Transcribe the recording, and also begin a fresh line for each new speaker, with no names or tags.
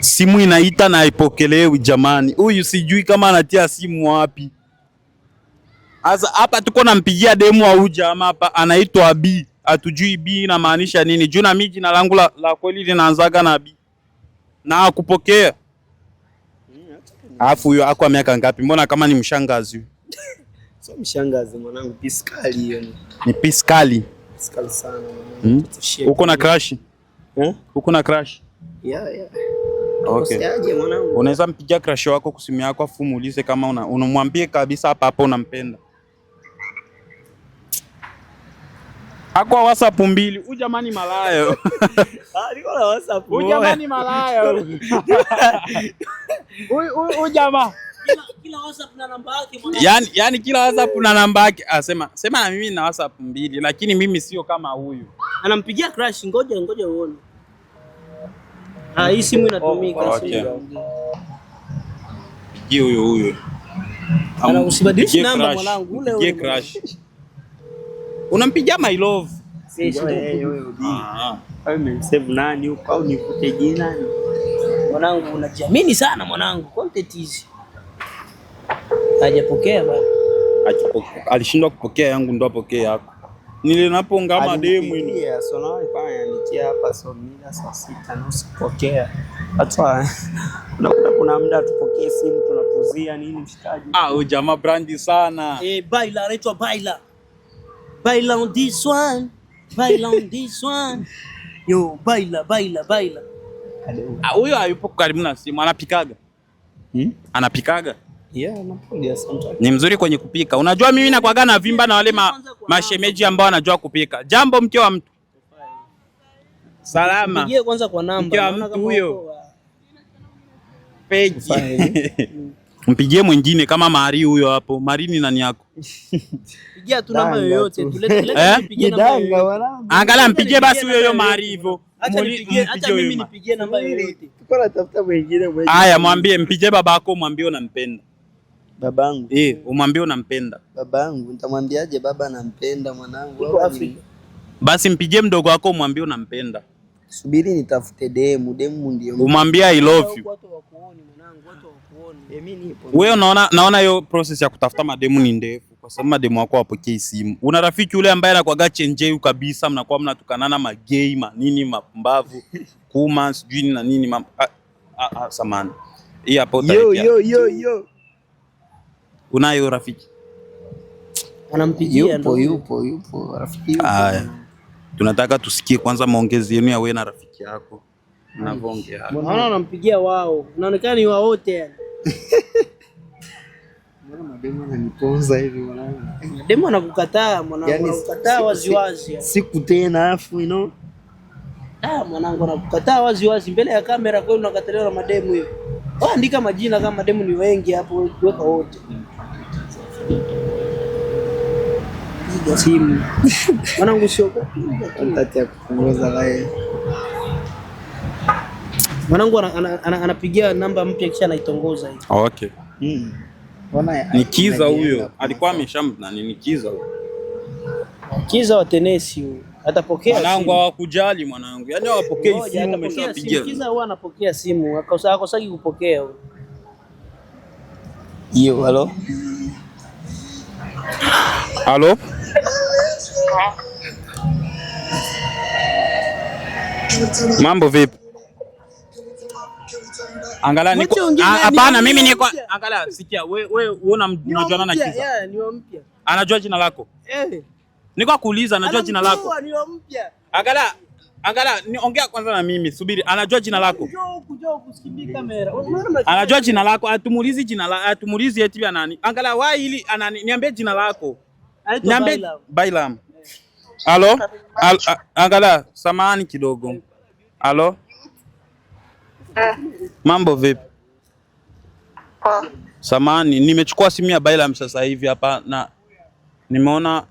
Simu inaita na haipokelewi, jamani, huyu sijui kama anatia simu wapi. Asa hapa tuko nampigia demu wa huyu jamaa hapa, anaitwa B, hatujui B inamaanisha nini juu na mimi jina langu la, la kweli linaanzaga na B na akupokea. Alafu huyo akwa miaka ngapi? Mbona kama ni mshangazi huyu?
Sio mshangazi mwanangu, piskali hiyo
ni piskali. Piskali sana mwanangu. Hmm? Uko na crush? Eh? Uko na crush? Yeah, yeah. Okay. Usiaje mwanangu? Unaweza mpigia crush wako kwa simu yako afu muulize kama una, unamwambie kabisa hapa hapa unampenda. Akwa WhatsApp mbili. Huyu jamani malayo.
Ah, niko na WhatsApp.
Huyu jamani malayo. Huyu jamaa. Kila WhatsApp na namba yake mwana. Yaani, yaani kila WhatsApp na namba yake. Ah, sema sema na mimi na WhatsApp mbili lakini mimi sio kama huyu.
Anampigia crush, ngoja ngoja uone. Ah, hii simu inatumika pigie
huyo huyo. Ana usibadilishi namba mwanangu ule ule. Crash. Unampigia my love. Si huyo.
Ah. ni Save nani huko au nifute jina? Mwanangu unajiamini sana mwanangu. Content hizi. Hajapokea bwana.
Alishindwa kupokea yangu ndo apokee yako nilinaponga mademu ah, jamaa brandi sana
eh, baila anaitwa baila baila on this one, baila on this one. Yo, baila baila baila.
Ah, huyo hayupo karibu na simu, anapikaga hmm? anapikaga Yeah, Ni mzuri kwenye kupika. Unajua mimi nakwaga na vimba na wale ma, mashemeji ambao wanajua kupika. Jambo mke wa mtu. Salama.
Mpigie kwanza kwa namba.
Mke wa mtu huyo. Peji. Mpigie mwingine kama Mari huyo hapo. Mari ni nani yako?
Pigia tu namba yoyote.
Tulete tulete eh? mpigie namba yoyote. Angalia mpigie basi huyo huyo Mari hivyo.
Acha mimi nipigie namba yoyote. Tuko natafuta
mwingine mwingine. Haya, mwambie mpigie babako, mwambie unampenda babangu. Eh, umwambie unampenda
babangu. Nitamwambiaje baba anampenda mwanangu?
Basi mpigie mdogo wako umwambie unampenda.
Subiri nitafute demu, demu ndio.
Umwambie I love you. Eh, Wewe unaona, naona hiyo process ya kutafuta mademu ni ndefu kwa sababu mademu wako wapokee simu. Una rafiki yule ambaye anakwaga chenjeu kabisa, mnakuwa mnatukanana magei manini mapumbavu kuma sijui na nini mama. Ah, ah, ah, samani. Hii hapo.
Yo yo yo yo.
Unayo rafiki?
yupo yupo yupo rafiki yupo.
Haya, tunataka tusikie kwanza maongezi yenu ya wewe na rafiki yako hmm. mnavyoongea.
Naona anampigia wao? Unaonekana ni wao wote yani. Mademo anakukataa mwanangu, yaani anakukataa wazi wazi.
Siku tena afu you know.
Ah, mwanangu anakukataa wazi wazi mbele ya kamera, kwa hiyo unakataliwa na mademu hiyo. Andika majina kama mademu ni wengi hapo, weka wote. simu mwanangu, sio nitatia kupunguza naye mwanangu anapigia namba mpya kisha anaitongoza hiyo.
Okay. Mm. Ni Kiza huyo, alikuwa ameshamna ni Kiza huyo.
Kiza wa tenesi huyo. Atapokea
simu. mwanangu, hawakujali mwanangu. Yaani hawapokei simu, ameshapigia.
Kiza huwa anapokea simu, akosaki kupokea huyo. Hiyo, halo.
Halo. Mambo vipi? Angala niko ah, hapana, mimi niko Angala, sikia wewe, wewe unajuana na Kiza? Yeah, Anajua jina lako? Eh. Niko kuuliza anajua jina lako? Angala, Angala, niongea kwanza na mimi, subiri. Anajua jina lako? Anajua jina lako? Atumulizi jina la atumulizi eti ya nani? Angala, wa ili anani? Niambie jina lako. Niambie Bailam. Halo? Eh. Angala, samahani kidogo. Halo? Eh. Mambo vipi? Samahani, nimechukua simu ya Bailam sasa hivi hapa na nimeona